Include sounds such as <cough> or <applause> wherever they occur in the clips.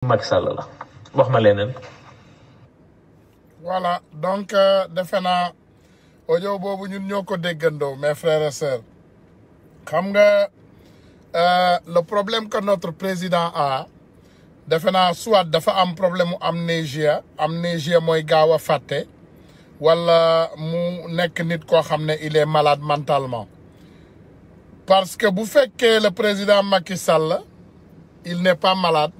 Macky Sall la wax ma leneen. voilà donc euh, defe naa audio boobu ñun ñoo ko déggandoo mes frères et xam nga euh, le problème que notre président a defe naa soit dafa am problème mu am amnésia mooy gaaw a fàtte wala mu nekk nit koo xam ne il est malade mentalement parce que bu fekkee le président Macky Sall il n'est pas malade.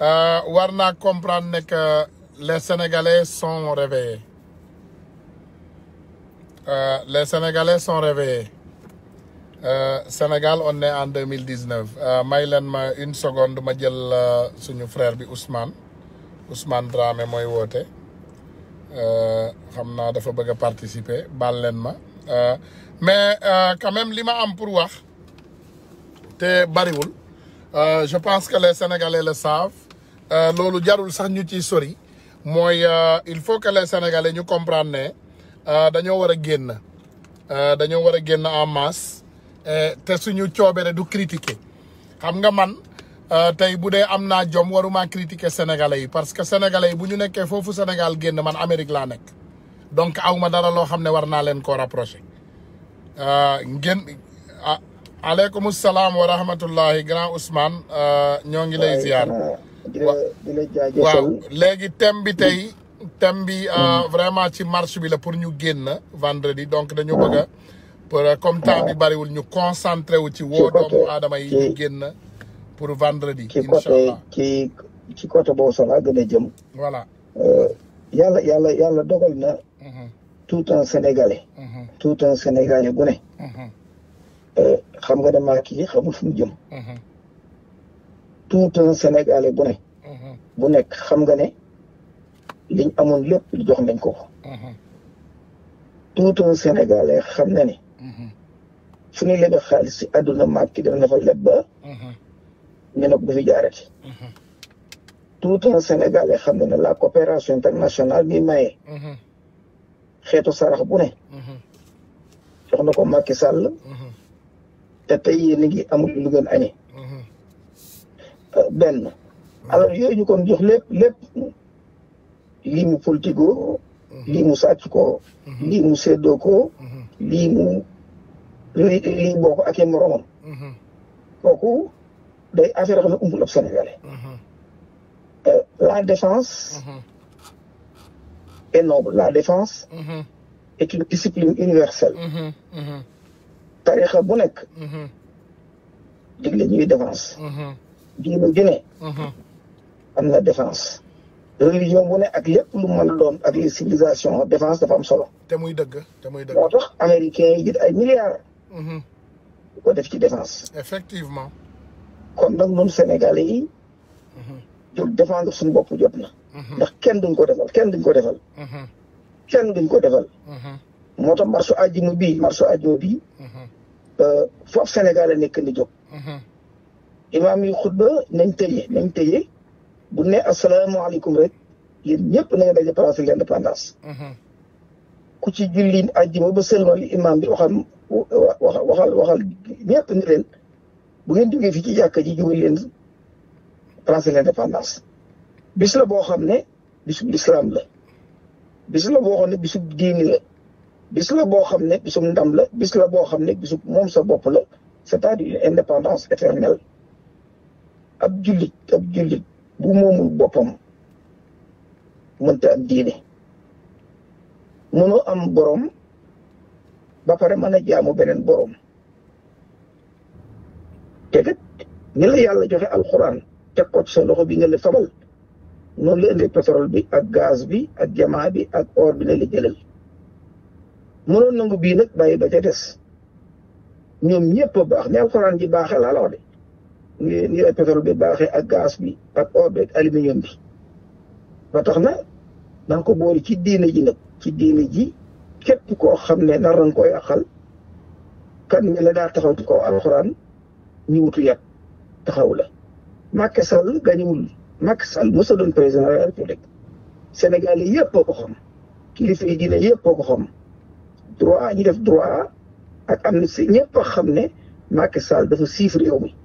Euh, war naa comprendre ne que les son sont réveillés euh, les son sont réveillés euh, Sénégal on est en deux mille dix neuf may leen ma une seconde ma jël suñu frère bi Ousmane Ousmane Dramé mooy woote xam naa dafa bëgg participer baal ma mais quand li ma am pour wax te bariwul je pense que les sénégalais le savent. Euh, loolu jarul sax ñu ci sori mooy euh, il faut que les sénégalais ñu comprendre ne euh, dañoo war a génn dañoo war a génn en masse te suñu coobere du critiquer xam nga man tey bu dee am naa jom waruma critiquer sénégalais yi parce que sénégalais yi bu ñu nekkee foofu Sénégal génn man Amérique laa nekk donc aw ma dara loo xam ne war naa leen koo rapproché ngeen ah, aleykum salaam wa rahmatullahi grand Ousmane ñoo ngi lay ziar. di la di la jaajëfal waaw léegi thème bi mm. tey thème bi euh, mm. vraiment ci marche bi la pour ñu génn vendredi donc dañu mm. bëgg a pour euh, comme temps bi bariwul ñu concentré wu ci woo doomu aadama yi ñu génn pour vendredi incha allah ci ci côté boobu sax laa gën a jëm voilà euh, yàlla yàlla yàlla dogal na mm-hmm. tout un sénégalais mm-hmm. tout un sénégalais bu ne mm-hmm. xam nga damaa kii xamul fu jëm tout un Sénégalais bu ne mhm. nekk xam nga ne liñ amoon lépp jox nañ ko mhm. tout un Sénégalais xam na ne mhm. fu ñu lebe xaalis si àdduna maag ki dem na fa leb ba ñu bu fi jaarati tout un Sénégalais xam na ne la coopération internationale bi maye xeetu sarax bu ne jox na ko Macky Sall te tey yéen a añe benn alors yooyu ñu kon jox lépp lépp lii mu politikoo lii mu sàcc ko lii mu séddoo ko lii mu lii bokk ak i moromam kooku day affaire xam ne umpul ab sénégalais euh, la défense e noble la défense est une discipline universelle tarixa bu nekk ñuy défense diine ju ne mhm. am na défense religion bu ne ak lépp lu mën a doon ak li civilisation défense dafa am solo te muy dëgg te muy dëgg moo tax américains yi jël ay milliards mhm. def ci défense effectivement kon nag ñun sénégalais yi mhm. jot défendre suñu bopp jot ndax kenn duñ ko defal kenn duñ ko defal kenn duñ ko defal moo tax marsu àjjuma bii bi àjjuma bii euh, foofu sénégalais nekk ni imaam yi xutba nañ tëye nañ tëye bu ne asalaamaaleykum rek yéen ñëpp na nga daje place de l'indépendance mhm. ku ci julli àjjuma ba sëlmal imaam bi waxal waxal waxal ñëpp ni leen bu ngeen jógee fii ci jàkka ji jubal leen place de l'indépendance bis la boo xam ne bisub lislaam la bis la boo xam ne bisub diini la bis la boo xam ne bisub ndam la bis la boo xam ne bisub moom sa bopp la c'est-à-dire indépendance ab jullit ab jullit bu moomul boppam mënta am diine mënoo am borom ba pare mën a jaamu beneen borom te kat ni yàlla joxe alxuraan teg kot sa loxo bi nga la fabal noonu la indi pétrole bi ak gaz bi ak jamaa bi ak or bi ne la jëlal mënoon nangu bii nag bàyyi ba ca des ñoom ñëpp a baax ni alxuraan ji baaxee laa la de ni ni la pétrole bi baaxee ak gaz bi ak or bi ak bi ba tax na na ko boole ci diine ji nag ci diine ji képp koo xam ne nar nañ koy yàqal kan mi la daa taxaw ci kaw alxuraan ñu wutu yàq taxaw la Macky Sall gañuwul Macky Sall mos a doon président de la République Sénégal yi yëpp a ko xam kilifa yi diine yëpp ko xam droit ñi def droit ak amnistie ñëpp xam ne Macky Sall dafa siif réew mi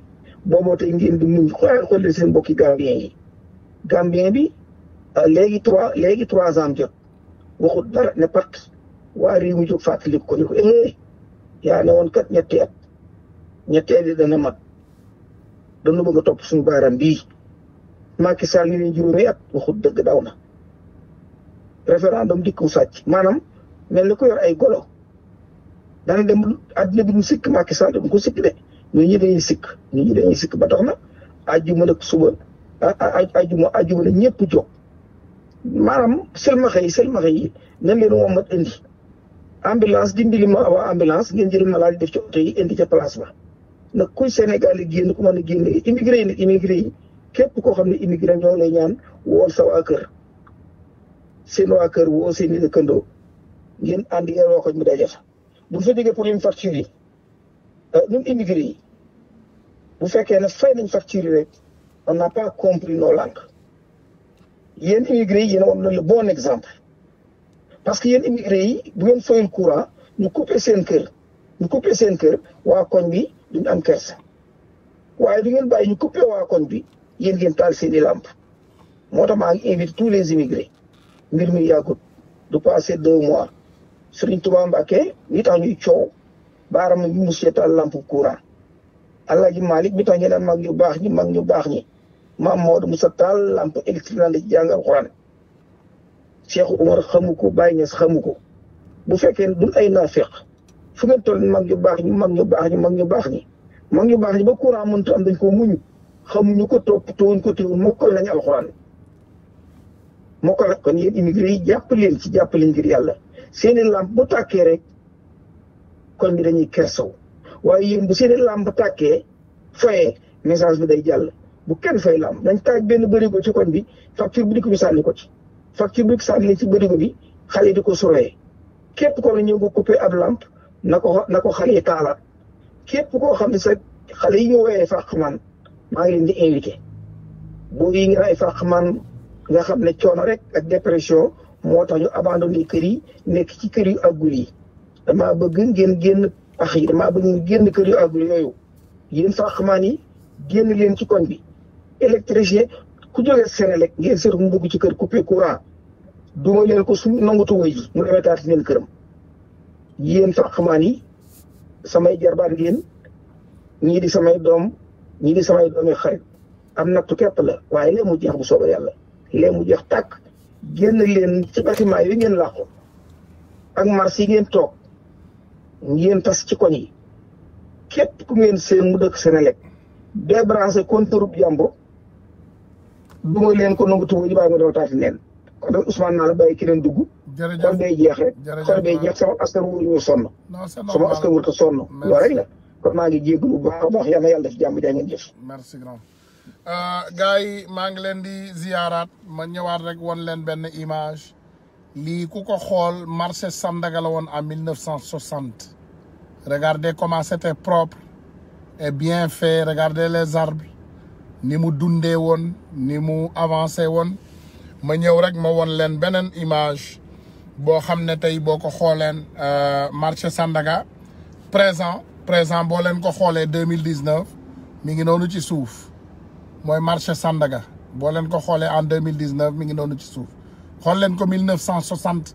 booboo tey ngeen di muñ xool xool seen bokki gambien yi gambien bi euh, léegi trois léegi trois ans jot waxut dara ne pat waa réew mi jóg fàttaliku ko ni ko eh yaa ne woon kat ñetti at ñetti at yi dana mat danu bëgg a topp suñu baaram bi Macky Sall ñu ne juróomi at waxut dëgg daw na référendum dikku sàcc maanaam mel ni ko yor ay golo dana dem addina bi mu sikk Macky Sall mu ko sikk de nit ñi dañuy sikk nit ñi dañuy sikk ba tax na ajjuma nag suba ajjuma ajjuma nag ñëpp jóg maanaam selmaxa yi selmaxa yi nañ leen wommat indi ambulance dimbali ma waa ambulance ngeen jël malade def ci oto yi indi ca place ba nag kuy Sénégal yi génn ku mën a génn immigré yi nag immigré yi képp koo xam ne immigré ñoo lay ñaan wool sa waa kër seen waa kër woo ko mu daje fa bu ñu fa déggee yi euh, ñun immigré yi bu fekkee ne fay nañ facture yi rek on n'a pas compris nos langues yéen immigré yi yéen woon na le bon exemple parce que yéen immigré yi bu ngeen fayul courant ñu coupé seen kër ñu coupé seen kër waa koñ bi duñ am kersa waaye du ngeen bàyyi ñu coupé waa koñ bi yéen ngeen taal seen i làmp moo tax maa ngi invité tous les immigrés mbir mi yàggut du passé deux mois Serigne Touba Mbacké ñi tax ñuy coow baaram ñu monsieur taal lampe courant Alaaji Malick bi toñee daan mag ñu baax ñi mag ñu baax ñi ma Maodo Moussa Tall lamp électrique lan la ci jàng alxuraan Cheikh Umar xamu ko Baye Niass xamu ko bu fekkee ne duñ ay naafeq fu ngeen toll mag ñu baax ñi mag ñu baax ñi mag ñu baax ñi mag ñu baax ñi ba courant mënta am dañ ko muñ xamuñu ko topp towuñ ko téwul mokkal nañu alxuraan mokkal kon yéen immigré yi jàpp leen ci jàpp leen ngir yàlla seeni lamp bu tàkkee rek kon bi dañuy kersaw waaye yéen bu seen làmb tàkkee fayee message bi day jàll bu kenn fay làmb nañ taaj benn bërigo ci kon bi facture bu di ko bi sànni ko ci facture bu di ko sànni ci bërigo bi xale yi di ko suree képp koo na ñëw ko coupé ab làmp na ko na ko xale yi taalaat képp koo xam ne sa xale yi ñu woowee man maa ngi leen di invité boobu yi ngeen ay man nga xam ne coono rek ak dépression moo tax ñu abandonné kër yi nekk ci kër yu ak guri yi damaa bëgg ngeen génn ax yi damaa bëgg nga génn kër yu àggul yooyu yéen sànqmaan yi génn leen ci koñ bi électricien ku jógee Sénélec ngeen seet mu dugg ci kër coupé courant duma leen ko su nangutu way yi mu demetaat leen këram yéen sànqmaan yi samay jarbaat ngeen ñii di samay doom ñii di samay doomi xarit am nattu képp la waaye lee mu jeex bu soobee yàlla lee mu jeex tàkk génn leen ci bâtiment yi ngeen làqu ak marché yi ngeen toog ngeen tas ci koñ yi képp ku ngeen seen mu dëkk Senelec débranché compteur bu jàmbur du ma leen ko nangu tuba ji bàyyi ma daw taati leen kon nag Ousmane naa la bàyyi keneen dugg xol day jeex rek xol jeex sama askan wu ñu sonn sama askan la kon maa ngi jégg bu baax a baax yal na yàlla def jàmm jaa ngeen jëf merci euh, maa ngi leen di ziyaaraat ma ñëwaat rek won leen benn image lii ku ko xool marché Sandaga la woon en 1960 regardez comment c'était propre et bien fait regardez les arbres ni mu dundee woon ni mu avancé woon ma ñëw rek ma won leen beneen image boo xam ne tey boo ko xooleen euh, marché Sandaga présent présent boo leen ko xoolee deux mille dix neuf mi ngi noonu ci suuf mooy marché Sandaga boo leen ko xoolee en deux mille dix neuf mi ngi noonu ci suuf. xool leen ko 1960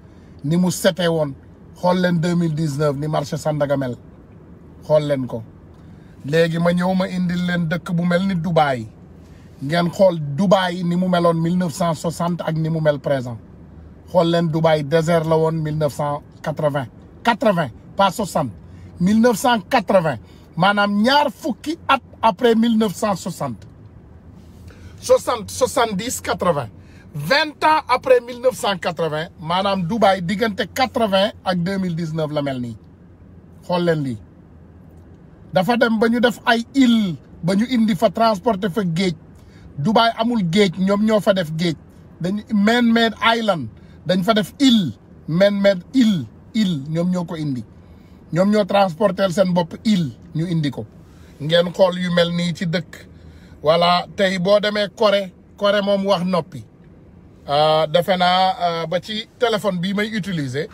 ni mu setee woon xool leen 2019 ni marché Sandaga mel xool leen ko léegi ma ñëw ma indil leen dëkk bu mel ni Dubaï ngeen xool Dubaï ni mu meloon 1960 ak ni mu mel présent xool leen Dubaï désert la woon 1980 80 pas 60 1980 maanaam ñaar fukki at après 1960 60 70 80 vingt après mille neuf cent quatre-vingt maanaam Dubaï diggante quatre-vingt ak deux mille dix-neuf la mel nii xool leen lii dafa dem ba ñu def ay île ba ñu indi fa transporter fa géej Dubaï amul géej ñoom ñoo fa def géej dañu man-made island dañ fa def île man-made île île ñoom ñoo ko indi ñoom ñoo transporter seen bopp île ñu indi ko ngeen xool yu mel nii ci dëkk wala tey boo demee Corée Corée moom wax noppi Euh, defe naa euh, ba ci téléphone bii may utiliser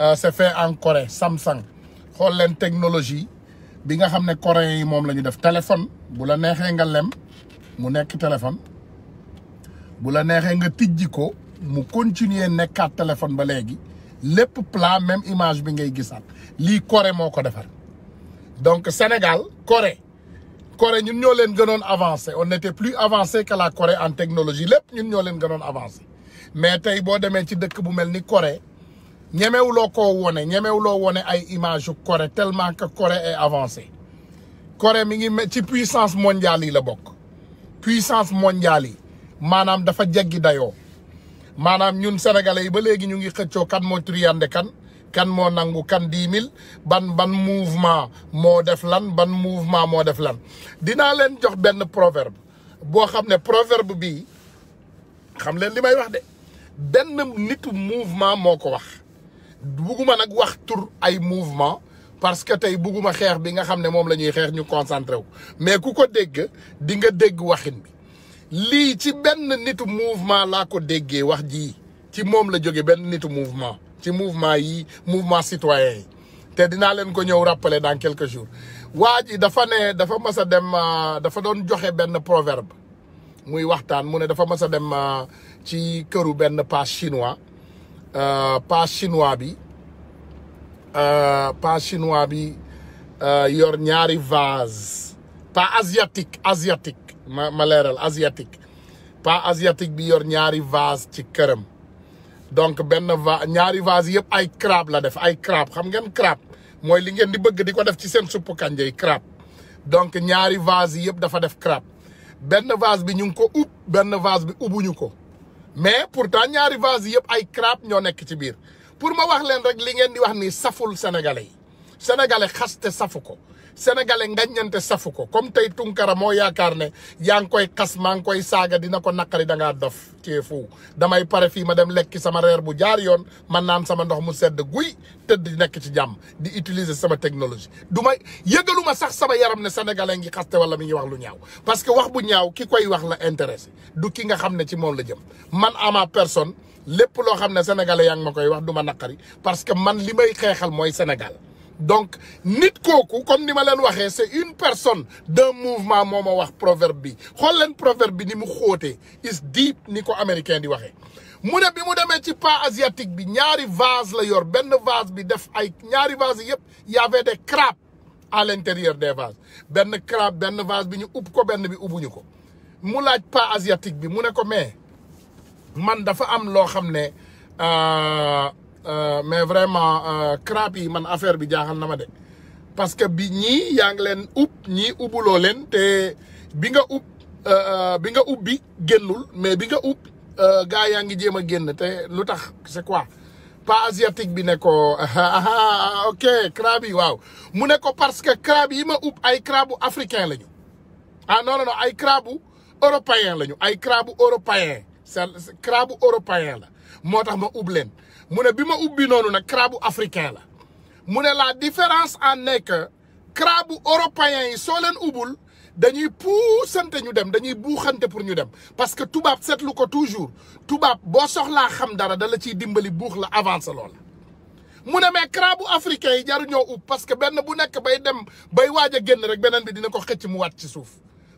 euh, c'est fait en Corée Samsung xool leen technologie bi nga xam ne coréen yi moom la ñu def téléphone bu la neexee nga lem mu nekk téléphone bu la neexee nga tijji ko mu continuer nekkaat téléphone ba léegi lépp plat même image bi ngay gisaat lii coré moo ko defar donc Sénégal coré Corée ñun ñoo leen gënoon avancé on était plus avancé que la en technologie lépp ñun ñoo leen gënoon avancé mais tey boo demee ci dëkk bu mel ni Corée ñemewuloo ko wone ñemewuloo wone ay image yu Corée tellement que Corée avancé avancée Corée mi ngi ci puissance mondiale yi la bokk puissance mondiale yi maanaam dafa jeggi dayoo maanaam ñun sénégalais yi ba léegi ñu ngi xëccoo kan moo triyande kan kan moo nangu kan dix mille ban ban mouvement moo def lan ban mouvement moo def lan dinaa leen jox benn proverbe boo xam ne proverbe bii xam leen li may wax de benn nitu mouvement moo ko wax bugguma nag wax tur ay mouvement parce que tey bugguma xeex bi nga xam ne moom la ñuy xeex ñu concentré wu mais ku ko dégg di nga dégg waxin bi lii ci benn nitu mouvement laa ko déggee wax jii ci moom la jóge benn nitu mouvement ci mouvement yi mouvement citoyen yi te dinaa leen ko ñëw rappeler dans quelque jours waa ji dafa ne dafa mas a dem euh, dafa doon joxe benn proverbe muy waxtaan mu ne dafa mas a dem euh, ci këru benn paas chinois euh, paas chinois bi paas chinois bi yor ñaari vase pas asiatique asiatique ma ma leeral asiatique pas asiatique bi yor ñaari vase ci këram donc benn va ñaari vase yëpp ay crabe la def ay crabe xam ngeen crabe mooy li ngeen di bëgg di ko def ci seen suppu kanja yi crabe donc ñaari vase yëpp dafa def crabe benn vase bi ñu ngi ko ub benn vase bi ubuñu ko mais pourtant ñaari vase yëpp ay crabe ñoo nekk ci biir pour ma wax leen rek li ngeen di wax ni saful sénégalais yi sénégalais xaste safu ko sénégalais ngaññante safu ko comme tey Tunkara moo yaakaar ne yaa ngi koy xas maa ngi koy saaga dina ko naqari da ngaa dof cee fu damay pare fii ma dem lekki sama reer bu jaar yoon man naan sama ndox mu sedd guy te tëdd nekk ci jàmm di utiliser sama technologie du may yëgalu ma sax sama yaram ne sénégalais ngi xaste wala mi ngi wax lu ñaaw parce que wax bu ñaaw ki koy wax la intéressé du ki nga xam ne ci moom la jëm man ama personne lépp loo xam ne sénégalais yaa koy wax du ma naqari parce que man li may xeexal mooy Sénégal donc nit kooku comme ni ma leen waxee c'est une personne d'un mouvement moo ma wax proverbe bi xool leen proverbe bi ni mu xóotee is deep ni ko américain di waxee mu ne bi mu demee ci pan asiatique bi ñaari vase la yor benn vase bi def ay ñaari vase yëpp y avait des crabes à l'intérieur des vases benn crabe benn vase bi ñu ub ko benn bi ubuñu ko mu laaj pan asiatique bi mu ne ko mais man dafa am loo xam ne euh, Euh, mais vraiment euh, crap yi man affaire bi jaaxal na ma de parce que bi ñii yaa ngi leen ub ñii ubuloo leen te bi nga ub euh, bi nga ub bi génnul mais bi nga ub gaa yaa ngi jéem a génn te lu tax c'est quoi pas asiatique bi ne ko <laughs> ah, ah, ah, ok crab yi waaw mu ne ko parce que crab yi ma ub ay crabu africain lañu a non non ay crabu européen lañu ay crabu européen c'est crabu européen la moo tax ma ub leen mu ne bi ma ubbi noonu nag crabe africain la mu ne la différence en est que crabe yi soo leen ubul dañuy puusante ñu dem dañuy buuxante pour ñu dem parce que tubaab seetlu ko toujours tubaab boo soxlaa xam dara dala ciy dimbali buux la avancé loola mu ne mais crabe africain yi jaruñoo ub parce que benn bu nekk bay dem bay waaj a génn rek beneen bi dina ko xëcc mu waat ci suuf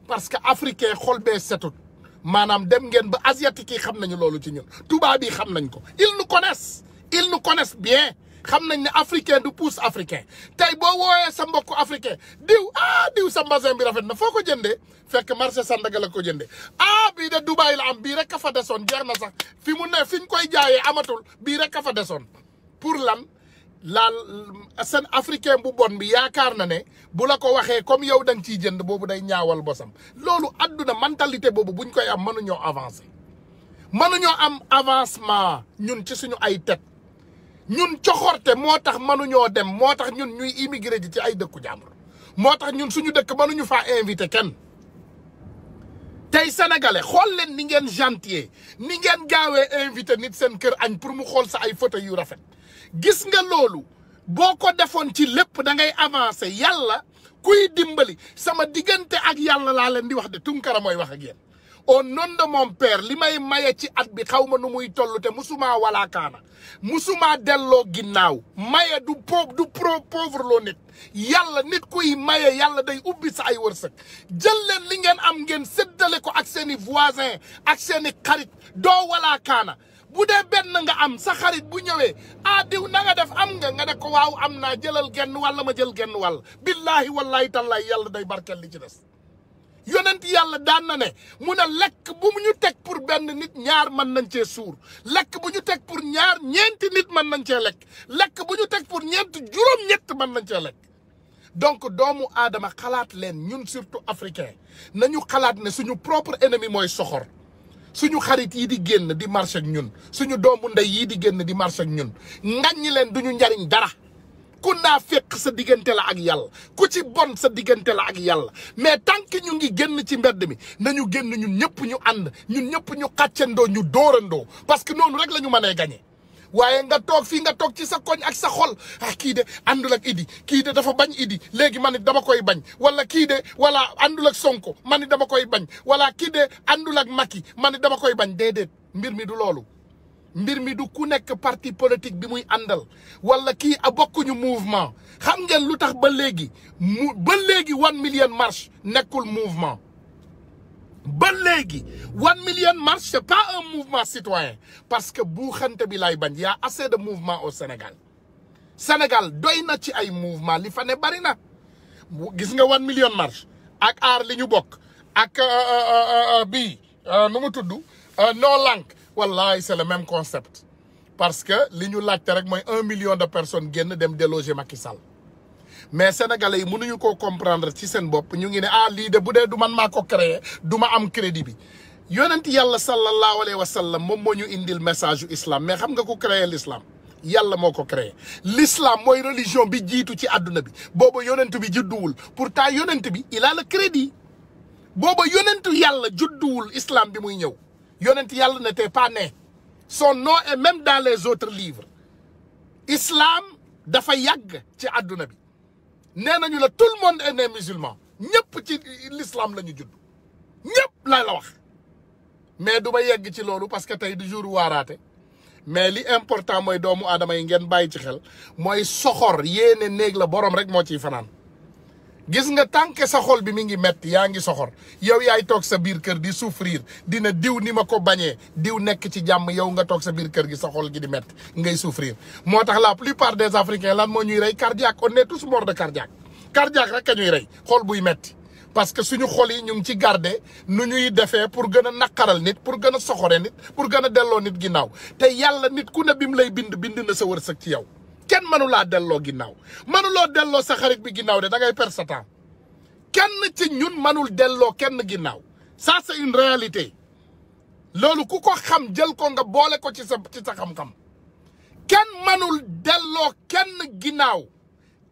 parce que africain xol bee setut maanaam dem ngeen ba asiatique yi xam nañu loolu ci ñun tubaab yi xam nañ ko ils nous connaissent ils nous connaissent bien xam nañ ne africain du pousse africain tey boo wooyee sa mbokk africain diw ah diw sa mbasin bi rafet na foo ko jëndee fekk marché Sandaga la ko jëndee ah bii de Dubaï la am bii rek ka fa desoon jeex na sax fi mu ne fi koy jaayee amatul bii rek ka fa desoon pour lan laal seen africain bu bon bi yaakaar na ne bu la ko waxee comme yow da nga ciy jënd boobu day ñaawal bosam loolu adduna mentalité boobu buñ koy am mënuñoo avancer mënuñoo am avancement ñun ci suñu ay tête ñun coxorte moo tax mënuñoo dem moo tax ñun ñuy immigré ji ci ay dëkku jàmbur moo tax ñun suñu dëkk mënuñu faa invité kenn tey sénégalais xool leen ni ngeen gentil ni ngeen gaawee invité nit seen kër añ pour mu xool sa ay photo yu rafet gis nga loolu boo ko defoon ci lépp da ngay avancer yàlla kuy dimbali sama diggante ak yàlla laa leen di wax de Tunkara mooy wax ak yéen au nom de mon li may maye ci at bi xaw ma nu muy toll te musuma kaana musuma delloo ginnaaw maye du po du pro pauvre loo nit yàlla nit kuy maye yàlla day ubbi sa ay wërsëg jël leen li ngeen am ngeen séddale ko ak seeni voisin ak seeni xarit doo walaakaana bu dee benn nga am sa xarit bu ñëwee ah diw na def am nga nga ne ko waaw am naa jëlal genn wàll ma jël genn wàll billaahi wallaahi tallaahi yàlla day barkeel li ci des yonent yàlla daan na ne mun a lekk bu mu ñu teg pour benn nit ñaar mën nañ cee suur lekk bu ñu teg pour ñaar ñeenti nit mën nañ cee lekk lekk bu ñu teg pour ñeent juróom-ñett mën nañ cee lekk donc doomu aadama xalaat leen ñun surtout africain nañu xalaat ne suñu propre ennemi mooy soxor suñu xarit yi di génn di marché ak ñun suñu doomu ndey yi di génn di marché ak ñun ngaññi leen duñu njariñ dara ku naa fekk sa diggante la ak yàlla ku ci bon sa diggante la ak yàlla mais tant ñu ngi génn ci mbedd mi nañu génn ñun ñëpp ñu ànd ñun ñëpp ñu xàccandoo ñu dóorandoo parce que noonu rek la ñu mënee gañe waaye nga toog fii nga toog ci sa koñ ak sa xol ah kii de àndul ak Idi kii de dafa bañ Idi léegi man it dama koy bañ wala kii de wala àndul ak Sonko man it dama koy bañ wala kii de àndul ak Macky man it dama koy bañ déedéet mbir mi du loolu. mbir mi du ku nekk parti politique bi muy àndal wala kii a ah, bokkuñu mouvement xam ngeen lu tax ba léegi mu ba léegi one million marche nekkul mouvement. ba léegi one million marche c'est pas un mouvement citoyen parce que bu xante bi lay bañ y a assez de mouvement au Sénégal Sénégal doy na ci ay mouvement li fa ne bari na gis nga one million marche ak aar li ñu bokk ak euh, euh, euh, bii nu mu tudd noo lànk wallahi c'est le même concept parce que li ñu laajte rek mooy un million de personnes génn dem déloger Macky Sall mais sénégalais yi mënuñu koo comprendre ci seen bopp ñu ngi ne ah lii de bu dee du man maa ko créé du ma am crédit bi yonent yàlla sallallahu alayhi wa sallam moom moo ñu indil message yu islam mais xam nga ko créé l'islam yàlla moo ko créé l'islam mooy religion bi jiitu ci àdduna bi booba yonent bi judduwul pourtant yonent bi il a le crédit booba yàlla judduwul islam bi muy ñëw yonent yàlla n'était pas né son nom est même dans les autres livres islam dafa yàgg ci àdduna bi nee nañu la tout le monde est né musulman ñëpp ci l'islam la ñu judd ñëpp la wax mais du yegg ci loolu parce que tey du jour waaraate mais li important mooy doomu aadama yi ngeen bàyyi ci xel mooy soxor yéene néeg la boroom rek moo ciy fanaan gis nga tànke sa xol bi mi ngi metti yaa ngi soxor yow yaay toog sa biir kër di souffrir dina diw ni ma ko bañee diw nekk ci jàmm yow nga toog sa biir kër gi sa xol gi di metti ngay souffrir moo tax la plupart des africains la moo ñuy rey cardiaque on est tous morts de cardiaque cardiaque rek ka ñuy rey xol buy metti parce que suñu xol yi ñu ngi ci garde nu ñuy defee pour gën a naqaral nit pour gën a soxore nit pour gën a delloo nit ginnaaw te yàlla nit ku bi mu lay bind bind na sa wërsëg ci yow kenn mënulaa delloo ginnaaw mënuloo delloo sa xarit bi ginnaaw de da ngay perdre sa temps kenn ci ñun mënul delloo kenn ginnaaw ça c'est une réalité loolu ku ko xam jël ko nga boole ko ci sa ci sa xam-xam kenn mënul delloo kenn ginnaaw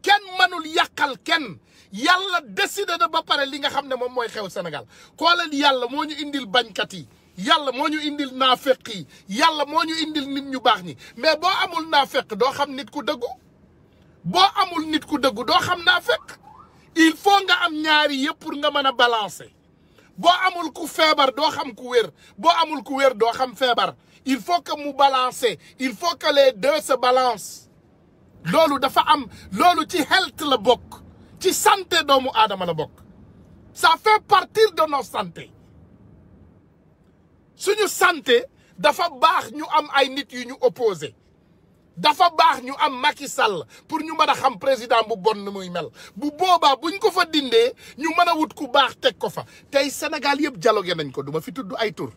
kenn mënul yàqal kenn yàlla décidé na ba pare li nga xam ne moom mooy xew Sénégal xoolal yàlla moo ñu indil bañkat yi yàlla moo ñu indil naa fekk yi yàlla moo ñu indil nit ñu baax ñi mais boo amul naa fekk doo xam nit ku dëggu boo amul nit ku dëggu doo xam naa fekk il faut nga am ñaari yëpp pour nga mën a balancer boo amul ku feebar doo xam ku wér boo amul ku wér doo xam feebar il faut que mu balancer il faut que les deux se balancent loolu dafa am loolu ci health la bokk ci sante doomu aadama la bokk ça fait partie de notre santé suñu santé dafa baax ñu am ay nit yu ñu opposé dafa baax ñu am Macky Sall pour ñu mën a xam président bu bon ni muy mel bu boobaa buñ ko fa dindee ñu mën a wut ku baax teg ko fa tey senegal yëpp dialogué nañ ko duma fi tudd ay tur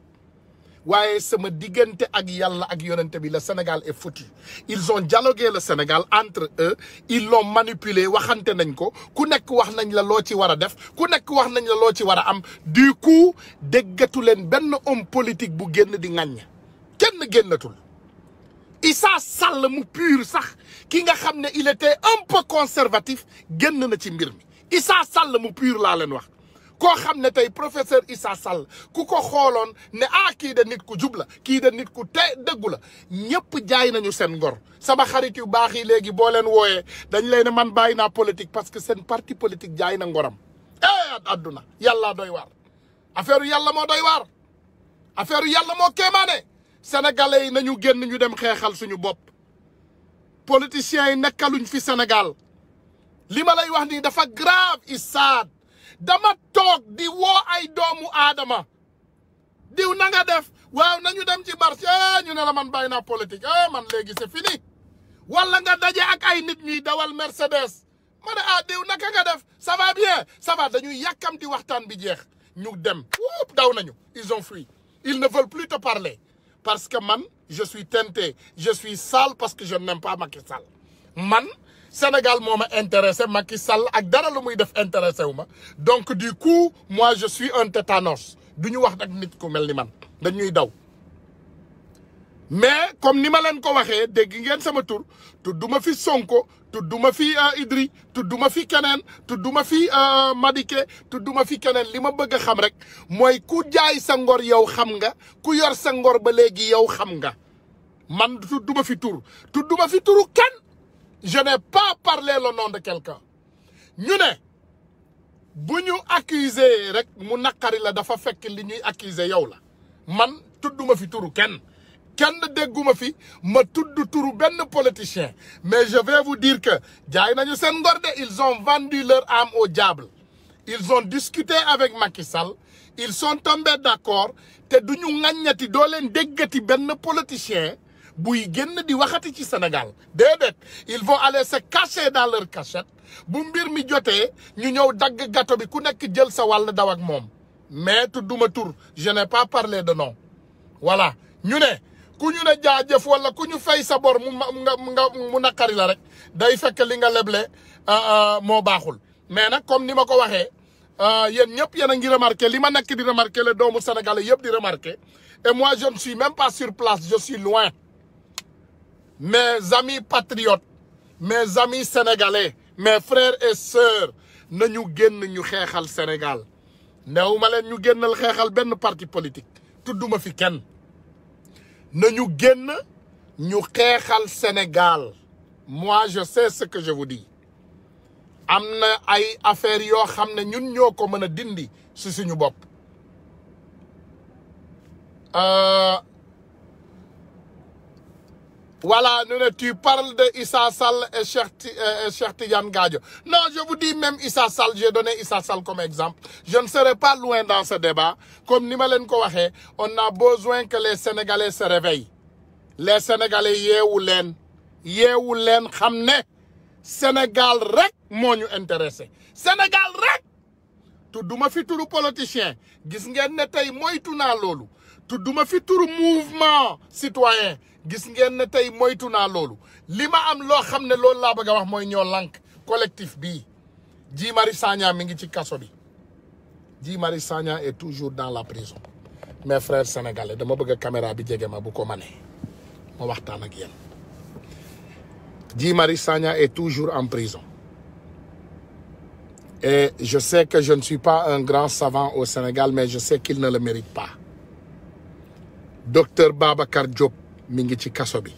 waaye sama diggante ak yàlla ak yonente bi la Sénégal est foutu ils ont dialogué le Sénégal entre eux ils l'ont manipulé waxante nañ ko ku nekk wax nañ la loo ci war a def ku nekk wax nañ la loo ci war a am du coup déggatu leen benn homme politique bu génn di ŋàññ kenn génnatul Issa Sall mu pur sax ki nga xam ne il était un peu conservatif génn na ci mbir mi Issa Sall mu pur laa leen wax koo xam ne tey professeur Issa Sall ku ko xooloon ne ah kii de nit ku jub la kii de nit ku te dëggu la ñëpp jaay nañu seen ngor sama xarit yu baax yi léegi boo leen wooyee dañ leen ne man bàyyi naa politique parce que seen parti politique jaay na ngoram eh adduna yàlla doy waar affaire yàlla moo doy waar affaire yàlla moo kéemaane sénégalais yi nañu génn ñu dem xeexal suñu bopp politiciens yi nekkaluñ fi senegal li ma lay wax nii dafa grave Issa dama toog di woo ay doomu aadama diw na nga def waaw nañu dem ci marché eh, ñu ne la man bàyyi naa politique ah man léegi c'est fini wala nga daje ak ay nit ñuy dawal Mercedes ma ne ah diw naka nga def ça va bien ça va dañuy yàkkam di waxtaan bi jeex ñu dem wuup daw nañu ils ont fui ils ne veulent plus te parler parce que man je suis teinté je suis sale parce que je n'aime pas Sall man Sénégal moo ma intéressé Macky Sall ak dara lu muy def intéressé wu ma donc di coup moi je suis un tétanos du ñu wax nag nit ko mel ni man dañuy daw mais comme ni ma leen ko waxee dégg ngeen sama tur ma fi Sonko tudduma fi euh, Idri tudduma fi keneen tudduma fi euh, Madické tudduma fi keneen li ma bëgg xam rek mooy ku jaay sa ngor yow xam nga ku yor sa ngor ba léegi yow xam nga man tudduma fi tur tudduma fi turu kenn je n'ai pas parlé le nom de quelqu'un ñu ne bu ñu accuser rek mu naqari la dafa fekk li ñuy accuser yow la man tudduma fi turu kenn kenn dégguma fi ma tudd turu benn politicien mais je vais vous dire que jaay nañu seen ngor de ils ont vendu leur âme au diable ils ont discuté avec Macky Sall ils sont tombés d'accord te du ñu ŋàññati doo leen déggati benn politicien buy génn di waxati ci senegal déedéet il vont aller se cacher dans leur cachette bu mbir mi jotee ñu ñëw dagg gâteau bi ku nekk jël sa walla daw ak moom mais tudduma tur je n'ai pas parlé de non voilà ñu ne ku ñu ne jaajëf wala ku ñu fay sa bor mu nga nga mu naqari la rek day fekk li nga leble ah, ah, moo baaxul mais nag comme ni ma ko waxee ah, yéen ñëpp yéen a ngi remarqué li ma nekk di remarqué le doomu senegale yëpp di remarqué et moi je ne suis même pas sur place je suis loin mes amis patriotes mes amis sénégalais mes frères et sœurs nañu génn ñu xeexal Sénégal néew ma leen ñu génnal xeexal benn parti politique tudduma fi kenn nañu génn ñu xeexal Sénégal moi je sais ce que je vous am na ay affaires yoo xam ne ñun ñoo ko mën a dindi si suñu bopp. Euh, Voilà, nous, tu parles de Issa Sall euh, et Cheikh Tidiane Gadio. Non, je vous dis même Issa Sall, j'ai donné Issa Sall comme exemple. Je ne serai pas loin dans ce débat. Comme Nimalen Kowahe, on a besoin que les Sénégalais se réveillent. Les Sénégalais, leen xam ne Sénégal rek, moo ñu intéressé. Sénégal rek, tudduma fi turu politicien. Gis ngeen ne tey moytu naa loolu. Tudduma fi turu mouvement citoyen. gis ngeen ne tey moytu naa loolu li ma am loo xam ne loolu laa bëgg a wax mooy ñoo lànk collectif bi Guy Marius Sagna mi ngi ci kaso bi Guy Marius Sagna est toujours dans la prison mes frères sénégalais dama bëgg caméra bi jege ma bu ko manee ma waxtaan ak yéen Guy Marius Sagna est toujours en prison et je sais que je ne suis pas un grand savant au Sénégal mais je sais qu'il ne le mérite pas docteur Babacar Diop mi ngi ci kaso bi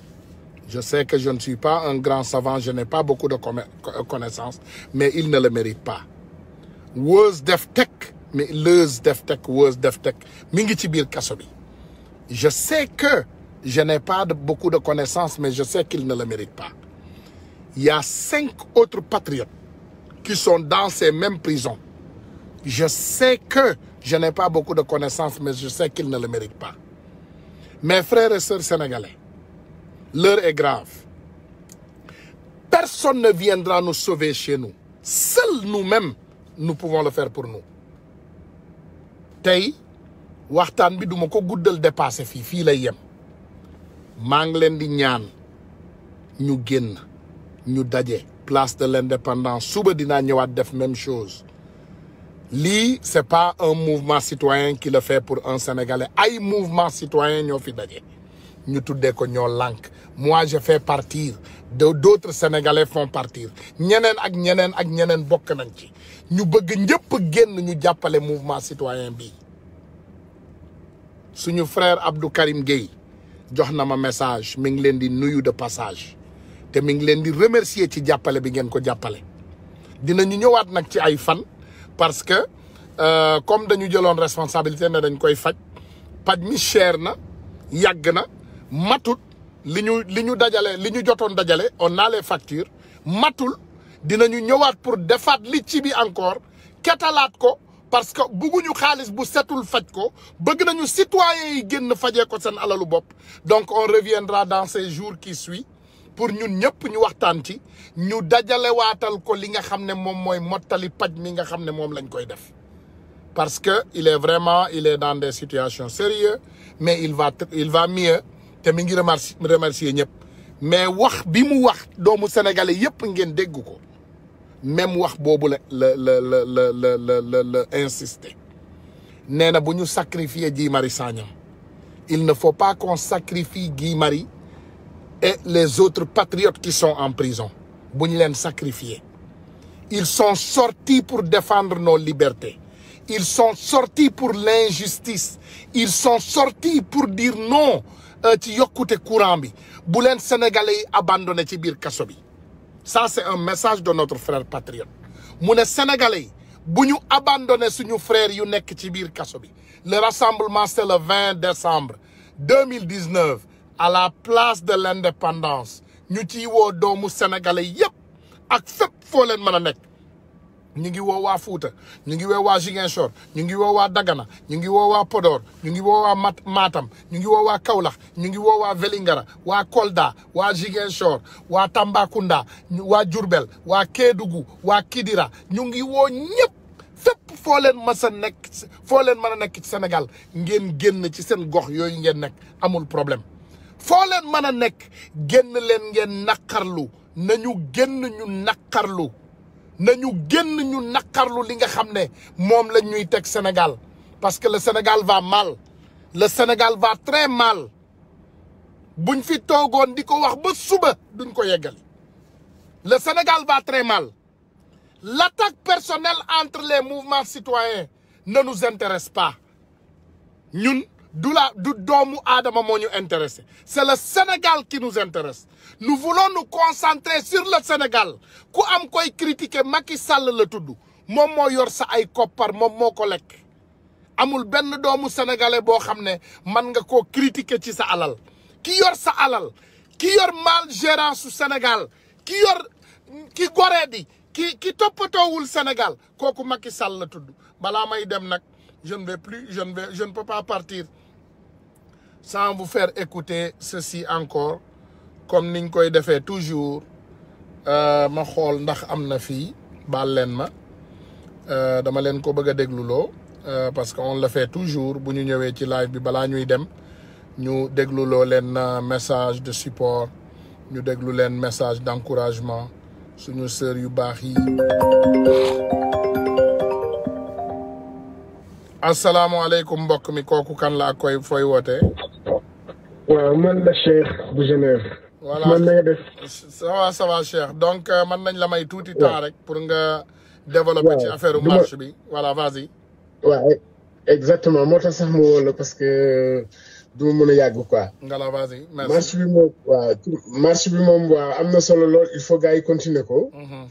je sais que je ne suis pas un grand savant je n'ai pas beaucoup de euh, connaissances mais il ne le mérite pas Weuz Def Tech mais Leuz Def Tech Weuz Def mi ngi ci biir kaso bi je sais que je n'ai pas de, beaucoup de connaissances mais je sais qu'il ne le mérite pas il y a cinq autres patriotes qui sont dans ces mêmes prisons je sais que je n'ai pas beaucoup de connaissances mais je sais qu'ils ne le méritent pas Mes frères et sœurs sénégalais, l'heure est grave. Personne ne viendra nous sauver chez nous. Seuls nous-mêmes, nous pouvons le faire pour nu tey waxtaan bi duma ko guddal dépassé fii fii lay yem maa ngi leen di ñaan ñu génn ñu daje place de l'indépendance suba dinaa ñëwaat def même chose lii c'est pas un mouvement citoyen qui le fait pour un sénégalais ay mouvement sitoyen ñoo fi daje ñu tuddee ko ñoo lànk moi je fais partir de d'autres sénégalais font partir ñeneen ak ñeneen ak ñeneen bokk nañ ci ñu bëgg ñëpp génn ñu jàppale mouvement citoyen bi suñu frère Abdou Karim Gueye jox na ma message mi ngi leen di nuyu de passage te mi ngi leen di remercier ci jàppale bi ngeen ko jàppale dinañu ñëwaat nag ci ay fan parce que euh, comme dañu jëloon responsabilité ne dañ koy faj paj mi cher na yàgg na matut li ñu li ñu dajale li ñu jotoon dajale on a les factures matul dinañu ñëwaat pour defaat li ci bi encore ketalaat ko parce que bëgguñu xaalis bu setul faj ko bëgg nañu citoyens yi génn fajee ko seen alalu bopp donc on reviendra dans ces jours qui suivent pour ñun ñëpp ñu waxtaan ci ñu dajalewaatal ko li nga xam ne moom mooy mottali paj mi nga xam ne moom lañ koy def parce que il est vraiment il est dans des situations sérieuses mais il va il va mieux te mi ngi remercier remercier ñëpp mais wax bi mu wax doomu sénégalais yëpp ngeen dégg ko même wax boobu la la la la la la nee na bu ñu sacrifier Guy Marius Sagna il ne faut pas qu'on sacrifie Guy et les autres patriotes qui sont en prison bu ñu leen sacrifié ils sont sorti pour défendre nos libertés ils sont sortis pour l'injustice ils sont sorti pour dire non euh, ci yokkute courant bi bu leen sénégalais yi abandone ci biir kaso bi ça c'est un message de notre frère patriote mu ne sénégalais yi bu ñu abandonné suñu frère yu nekk ci biir kaso bi le rassemblement c'est le 20 décembre 2019 à la place de l'indépendance ñu ciy woo doomu sénégalais yépp ak fépp foo leen mën a nekk ñu ngi woo waa Fuuta ñu ngi woo waa Ziguinchor ñu ngi woo waa Dagana ñu ngi woo waa Podor ñu ngi woo waa Mat Matam ñu ngi woo waa Kaolack ñu ngi woo waa Vélingara waa Kolda waa Ziguinchor waa Tambacounda waa jurbel waa Kédougou waa Kidira ñu ngi woo ñëpp fépp foo leen mës a nekk foo leen mën a nekk ci Sénégal ngeen génn ci seen gox yooyu ngeen nekk amul problème foo leen mën a nekk génn leen ngeen naqarlu nañu génn ñu naqarlu nañu génn ñu naqarlu li nga xam ne moom lañ ñuy teg Sénégal parce que le Sénégal va mal le Sénégal va très mal buñ fi toogoon di ko wax ba suba duñ ko yeggal le Sénégal va très mal l'attaque personnelle entre les mouvements citoyens ne nous intéresse pas ñun du la du doomu aadama moo ñu intéressé c'est le Sénégal qui nous intéresse nous voulons nous concentrer sur le Sénégal ku am koy critiquer Macky Sall la tudd moom moo yor sa ay koppar moom moo ko lekk amul benn doomu sénégalais boo xam ne man nga ko critiquer ci sa alal ki yor sa alal ki yor malgérance su Sénégal ki yor ki goree di ki ki toppatoowul Sénégal kooku Macky Sall la tudd balaa may dem nag je ne vais plus je ne vais je ne peux pas partir sans vous faire écouter ceci encore comme niñ koy defee toujours euh, ma xool ndax am na fii baal leen ma euh, dama leen ko bëgg a dégluloo euh, parce que on le fait toujours bu ñu ñëwee ci live bi balaa ñuy dem ñu dégluloo leen message de support ñu déglu leen message d'encouragement suñu sœur yu baax yi asalaamaaleykum mbokk mi kooku kan la ak koy fooy wootee waaw man la Cheikh bu Genève. man na nga def. ça va ça donc euh, man nañ la may tuuti temps rek. pour nga développer ci affaire marche bi. voilà vas-y. waaw exactement moo tax parce que euh, du ma a yàgg quoi. ngala vas-y merci bi moom waaw marche bi moom waaw am na solo lool il faut gars yi continue ko. Mm-hmm.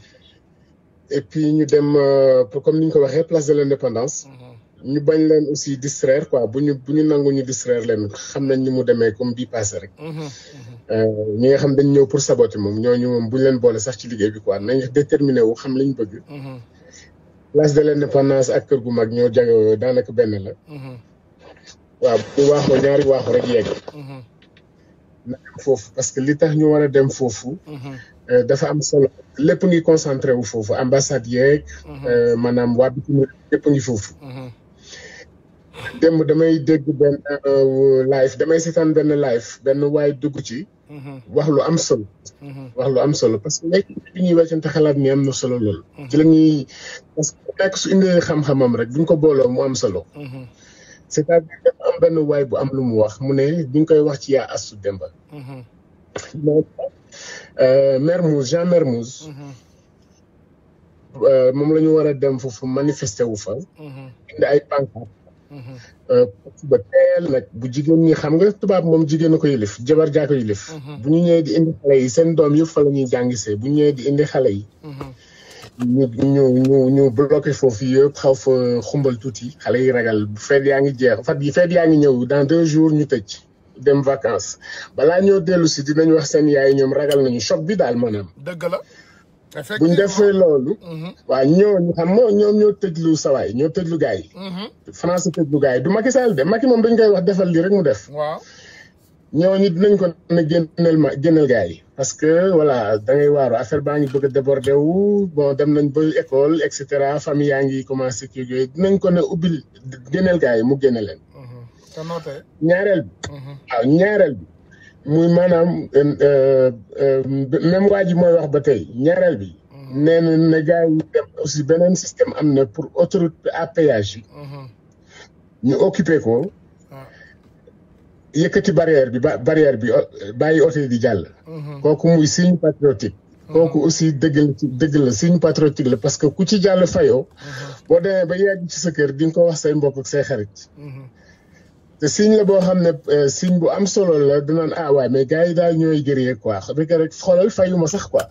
et puis ñu dem euh, pour comme ni ñu ko waxee place de l'indépendance. Mm-hmm. ñu bañ leen aussi distraire quoi bu ñu bu ñu nangu ñu distraire leen xam nañ ni mu demee comme bii passé rek. Mhm, mhm. Euh, ñi nga xam dañ ñëw pour saboter moom ñooñu moom bu ñu leen boole sax ci liggéey bi quoi nañ déterminé xam liñ bëgg. Mhm. place de l' indépendance ak kër gu mag ñoo jàng daanaka benn la. waaw bu ñu waaxoo ñaari waaxu rek yegg. na dem foofu parce que li tax ñu war a dem foofu. Euh, dafa am solo lépp ngi concentré wu foofu ambassade yeeg. Euh, maanaam waa bitim réew lépp ngi démb damay dégg benn euh, live damay seetaan benn live benn waay dugg ci. Mhm. wax lu am solo. Mhm. wax lu am solo parce que nekk bi ñuy weccante xalaat mi am na solo lool. Mhm. ci la ñuy parce que nekk su indee xam-xamam rek buñ ko booloo mu am solo. cest à benn waay bu am lu mu wax mu ne bi ñu koy wax ci yaa astu Demba. donc euh, Mermoz Jean Mermoz. Euh, moom la ñu war a dem foofu manifester wu fa. indi ay pancarte. Euh, ba nag bu jigéen ñi xam nga tubaab moom jigéen a ko yilif jabar jaa ko yilif mhm. bu ñu ñëwee di indi xale yi seen doom yëpp fa la ñuy jàngisee bu ñu ñëwee indi xale yi mhm. ñu ñu ñu foofu yëpp xaw fa xumbal tuuti xale yi ragal bu yaa ngi jeex fat yi feet yaa ngi ñëw dans deux jours ñu tëj dem vacances balaa ñoo dellu si dinañ wax seen yaay ñoom ragal nañu choc bi daal maanaam dëgg la bu ñu defee loolu. Mhm. waaw ñooñu xam nga ñoom ñoo tëjlu sawaay ñoo tëjlu gars yi. Mhm. France tëjlu gars yi du Macky Sall de Macky moom dañ koy wax defal lii rek mu def. waaw ñooñu dinañ ko ne génneel ma génneel gars yi. parce que voilà da ngay waaru affaire baa ngi bëgg a déborder wu bon dem nañ ba école et cetera famille yaa ngi commencé kii yooyu dinañ ko ne ubbil génneel gars yi mu génne leen. Mhm. te ñaareel bi. waaw ñaareel bi. muy maanaam euh, euh, même waa ji mooy wax ba tey ñaareel bi. Mm-hmm. nee na ne yi dem aussi beneen système am na pour autoroute à péage yi. Mm-hmm. ñu occupé ko. yëkkati barrière bi ba barrière bi euh, bàyyi oto di jàll. Mm-hmm. kooku muy signe patriotique. kooku aussi dëgg la ci dëgg la signe parce que ku ci jàll fayoo. boo demee ba yàgg ci sa kër di nga ko wax say mbokk ak say xarit. te signe la boo xam ne euh, signe bu am solo la dinañ ah waay mais gars yi daal ñooy gëree quoi xam nga rek xoolal fayuma sax quoi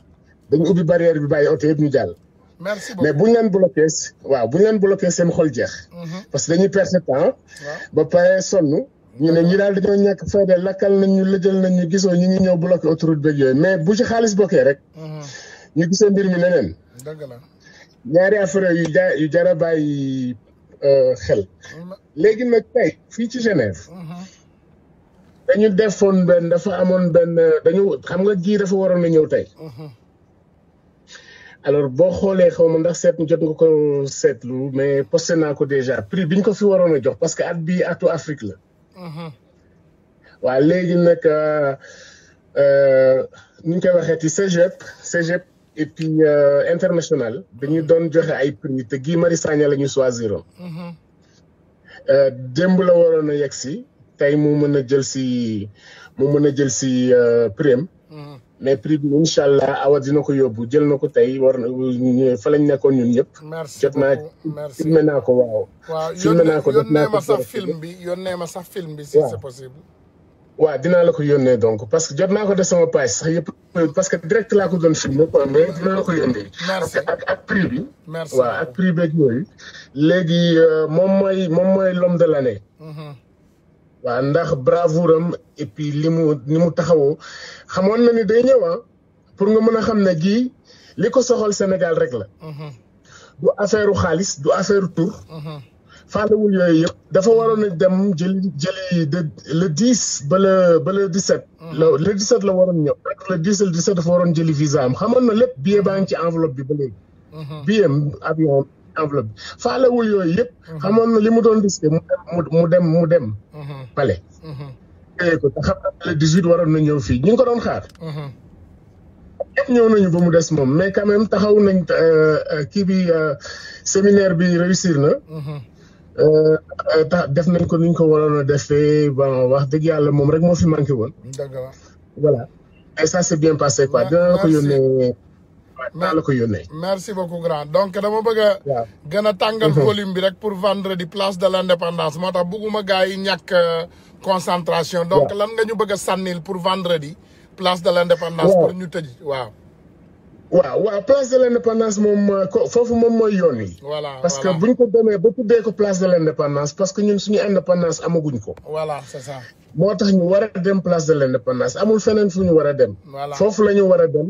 dañu ubbi barrière bi bàyyi oto yëpp ñu jàll. mais bu mm-hmm. ñu ne ñi daal dañoo ñàkk fayda lakkal nañ lëjal nañ gisoo ñu ngi ñëw bloqué autoroute beeg yooyu mais bu ci xaalis bokkee rek. Mm-hmm. ñu gisee mbir mi leneen. ñaari affaire yu ja a bàyyi xel léegi nag tey fii ci Genève dañu defoon benn dafa amoon benn dañu xam nga ji dafa waroon a ñëw tey alors boo xoolee xaw ma ndax seet jot nga ko seetlu mais posté naa ko déjà pris bi ñu ko fi waroon a jox parce que at bii atu Afrique la waa léegi nag euh, euh, ni ñu koy waxeeti cégep cégep et puis euh, international dañuy doon joxe ay prix te Guy Marius Sagna la ñu choisir mm-hmm. euh, la waroon a yegg si tey mu mën a jël si mu mën a jël si euh, prix am mm-hmm. mais prix bi incha allah awa dina ko yóbbu jël na ko tey war na fa lañ nekkoon ñun ñëpp. jot naa filmé naa ko waaw. filmé naa ko jot naa ko sax film bi yónnee ma sax film bi waaw dinaa la ko yónnee donc parce que jot naa ko def sama page sax yëpp parce que direct laa ko doon filmé ak ak prix bi. merci ak prix beeg yooyu. léegi euh, moom mooy moom mooy l'homme de l'année. Mm-hmm. ndax bravoure am et li mu ni mu taxawoo xamoon na ni day ñëw ah, pour nga mën a xam ne jii li ko soxal Sénégal rek la. Mm-hmm. du affaire xaalis du affaire tour mm-hmm. fàllewul yooyu yëpp dafa waroon a dem jëli jëli de le dix ba le ba le dix sept la mm-hmm. le dix sept la waroon ñëw le dix le dix sept dafa waroon jëli visa am xamoon na lépp billet baa ngi ci enveloppe bi ba léegi mm-hmm. billet avion enveloppe bi fàllewul yooyu yëpp mm-hmm. xamoon na li mu doon risqué mu dem mu dem mu dem pale téye na le dix huit waroon na ñëw fii ñu ngi ko doon xaar ñëpp ñëw nañu ba mu des moom mais quand même taxaw nañ euh, euh, kii bi euh, séminaire bi réussir na Euh, euh, def nañ ko ni ñu ko waroon a defee bon wax dëgg yàlla moom rek moo fi manqué woon. voilà et ça c' est bien passé quoi dina la yónnee. naa la ko yónnee. merci beaucoup grand donc dama bëgg a. gën a tàngal <laughs> mhm. volume bi rek pour vendredi place de l' indépendance moo tax bugguma gars yi ñàkk euh, concentration. donc lan nga ñu bëgg a sànnil pour vendredi place de l' indépendance. ñu tëj waaw. waaw waaw place de moom indépendance moom foofu moom mooy yoon yi. voilà parce que bu ñu ko demee ba tuddee ko place de l' indépendance parce que ñun suñu indépendance ko. voilà c' est ça. moo ñu war a dem place de l' amul feneen fu ñu war a dem. foofu la ñu war a dem.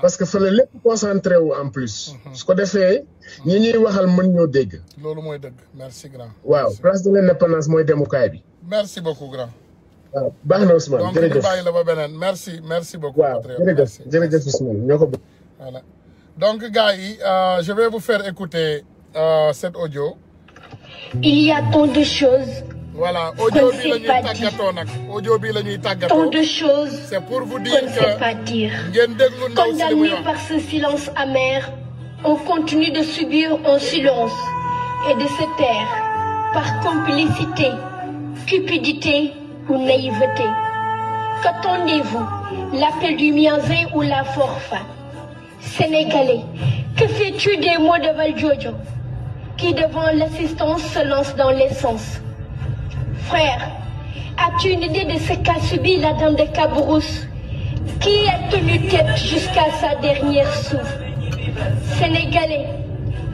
parce que fële lépp concentré wu en plus. Mhm. su ko defee ñi ñuy waxal mën ñoo dégg. loolu mooy dëgg merci grand. waaw place de l' mooy demukaay bi. merci waaw baax na Ousmane jërëjëf donc ñu bàyyi la ba beneen merci merci beaucoup. waaw jërëjëf jërëjëf Ousmane ñoo ko bëgg. voilà donc gars yi euh, je vais vous faire écouter euh, cet audio. il y a tant de choses. voilà la ñuy tàggatoo nag tant de choses. condamné par ce silence amer. on continue de subir un silence et de se taire par complicité, cupidité ou naïveté. Qu'attendez-vous? l'appel du miaouin ou la forfait? sénégalais. Que fais-tu des mots de Valdiodio qui, devant l'assistance, se lance dans l'essence Frère, as-tu une idée de ce qu'a subi la dame de Cabrousse qui a tenu tête jusqu'à sa dernière souffle Sénégalais,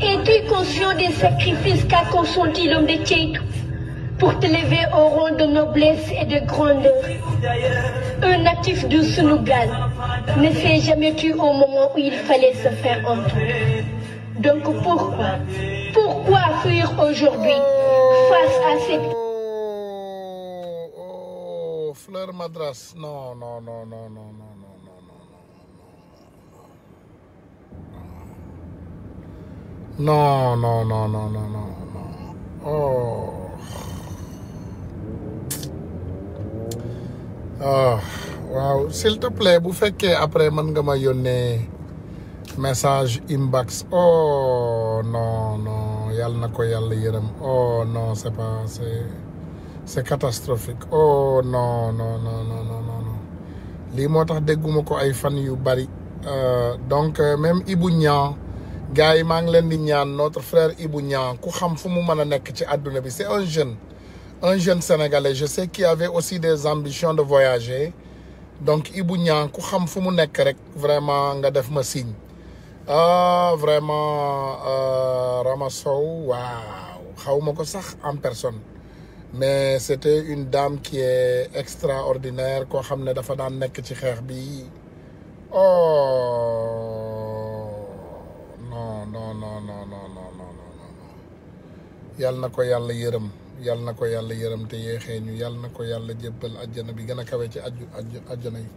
es-tu conscient des sacrifices qu'a consenti l'homme de Tchétou pour te au rang de noblesse et de grandeur Un natif du ne s'est jamais tue au moment où il fallait se faire entendre. Donc pourquoi Pourquoi fuir aujourd'hui face à cette... Oh, oh, Fleur Madras, non, non, non, non, non, non, non, non, non, non, non, non, non, non, non, non, oh, oh. waaw s'il te plaît bu fekkee après man nga ma yónnee message inbox oh non non yàlla na ko yàlla yërëm oh non c'est pas c'est c'est catastrophique oh non non non non non non moo tax dégguma ko ay fan yu bari euh, donc euh, même ibu Niang gars yi maa ngi leen di ñaan notre frère Ibou Niang ku xam fu mu mën a nekk ci àdduna bi c'est un jeune un jeune sénégalais je sais qu'il avait aussi des ambitions de voyager donc Ibou Niang ku xam fu mu nekk rek vraiment nga def ma signe ah vraiment euh, Rama Sow waaw xaw ma ko sax en personne mais c'était une dame qui est extraordinaire koo xam ne dafa daan nekk ci xeex bi oh non non non non na ko yàlla yërëm. yàlla na ko yàlla yërëm te yeexee ñu yàlla na ko yàlla jébbal àjjana bi gën a kawe ci aju àjjana yi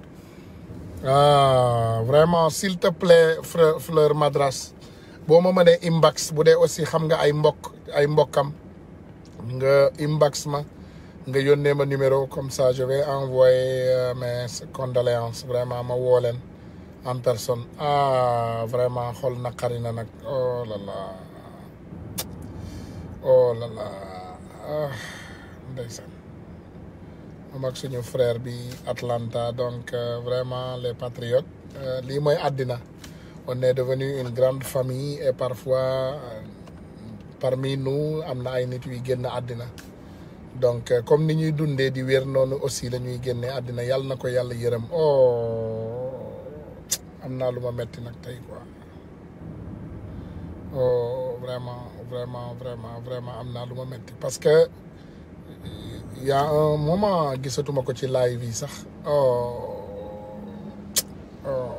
ah vraiment s'il te plaît fleur madras boo ma mënee inbox bu dee aussi xam nga ay mbokk ay mbokkam nga inbox ma nga yónnee ma numéro comme ça je vais envoyer euh, mes condoléances vraiment ma woo leen en personne ah vraiment xool na nag oh là là oh là ah ndeysaan moom suñu frère bi Atlanta donc euh, vraiment les patriotes euh, lii mooy àddina on est devenu une grande famille et parfois euh, parmi nous am na ay nit yuy génn àddina donc comme ni ñuy dundee di wér noonu aussi la génne àddina yàlla na ko yàlla yërëm oh am naa lu ma metti nag tey quoi oh, vraiment vraiment vraiment am naa lu ma parce que y a un moment gisatuma ko ci lay yi sax oh. Oh.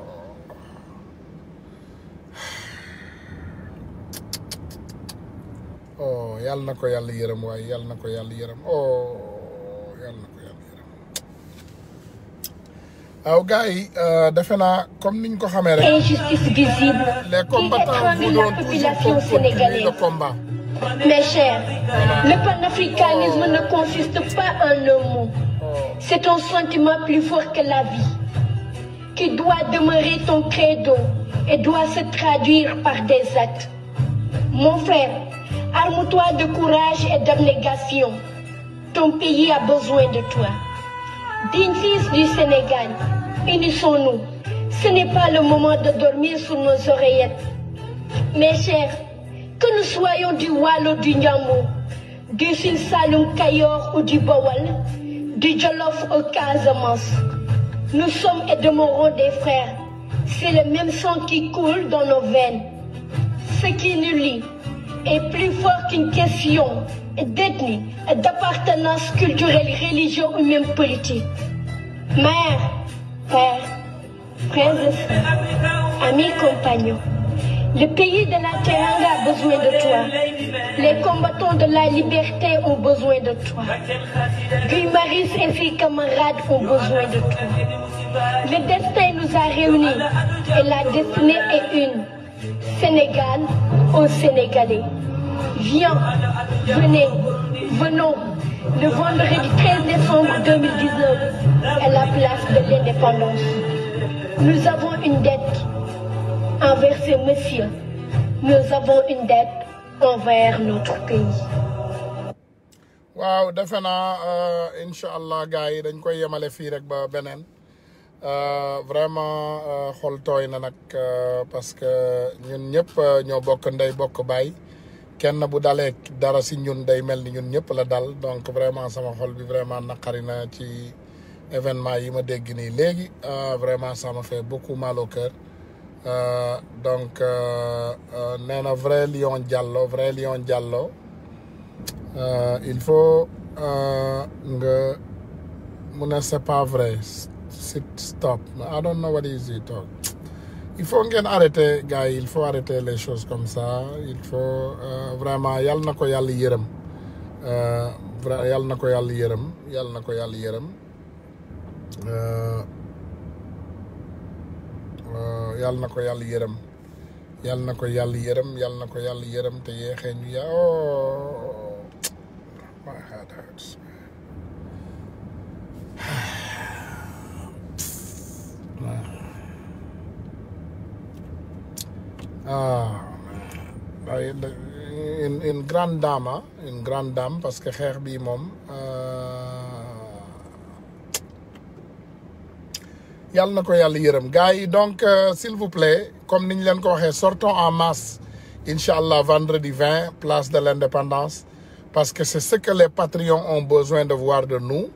Oh, yàlla na ko yàlla yërëm waaye yàlla na ko yàlla yërëm oh waaw gars yi euh, defe naa comme niñ ko xamee rek. injustice visible. les combattants qui la population Mes chers, le panafricanisme ne consiste pas en un mot. Oh. C'est un sentiment plus fort que la vie, qui doit demeurer ton credo et doit se traduire par des actes. Mon frère, arme-toi de courage et d'abnégation. Ton pays a besoin de toi. Dignes fils du Sénégal, unissons-nous. Ce n'est pas le moment de dormir sous nos oreillettes. Mes chers, que nous soyons du Wallo du Niambour, du Sine Kayor ou du Bawal, du Jolof au Casamance, nous sommes et demeurons des frères. C'est le même sang qui coule dans nos veines. Ce qui nous lie, est plus fort qu'une question d'ethnie, d'appartenance culturelle, religieuse ou même politique. Mère, père, frères et amis, compagnons, le pays de la Teranga a besoin de toi. Les combattants de la liberté ont besoin de toi. Guy Maris et ses camarades ont besoin de toi. Le destin nous a réunis et la destinée est une. Sénégal, aux Sénégalais. Viens, venez, venons le décembre à la place de l'indépendance. Nous avons une dette envers ces messieurs. Nous avons une dette envers notre pays. waaw defe naa euh, incha allah gars yi dañ koy yemale fii rek ba beneen. Euh, vraiment euh, xol tooy na nag euh, parce que ñun ñëpp ñoo bokk ndey bokk baay kenn bu dalee dara si ñun day mel ni ñun ñëpp la dal donc vraiment sama xol bi vraiment naqari na ci événement yi ma dégg nii léegi vraiment sama me fait beaucoup mal au donc nee na vrai Lion Diallo vrai Lion Diallo il faut nga mu ne c'est pas vrai stop I don't know what is it all il faut ngeen arrêter gars il faut arrêter les choses comme ça il faut euh, vraiment yàlla na ko yàlla yërëm yàlla euh, na ko yàlla yërëm yàlla na ko yàlla yërëm euh, yàlla na ko yàlla yërëm yàlla na ko yàlla yërëm yàlla na ko yàlla yërëm te yeexee ñu oh ah une grande dame une grande dame parce que xeex bii moom euh, yàlla na ko yàlla yërëm gars yi donc euh, s'il vous plaît comme ni ñu leen ko waxee sorton en masse incha allah vendredi 20 place de l'indépendance parce que c'est ce que les patriotes ont besoin de voir de nous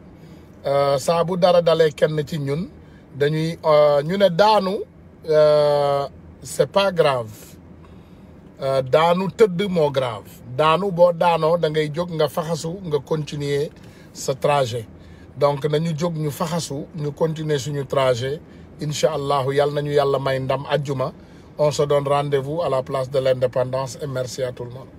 euh, saa bu dara dale kenn ci ñun dañuy ñu ne daanu c'est pas grave Euh, daanu tëdd moo grave daanu boo daanoo da ngay jóg nga faxasu nga continuer sa trajet donc nañu jóg ñu faxasu ñu continuer suñu trajet incha allahu yàlla nañu yàlla may ndam ajjuma on sa donne rendez-vous à la place de l'indépendance et merci à tout le monde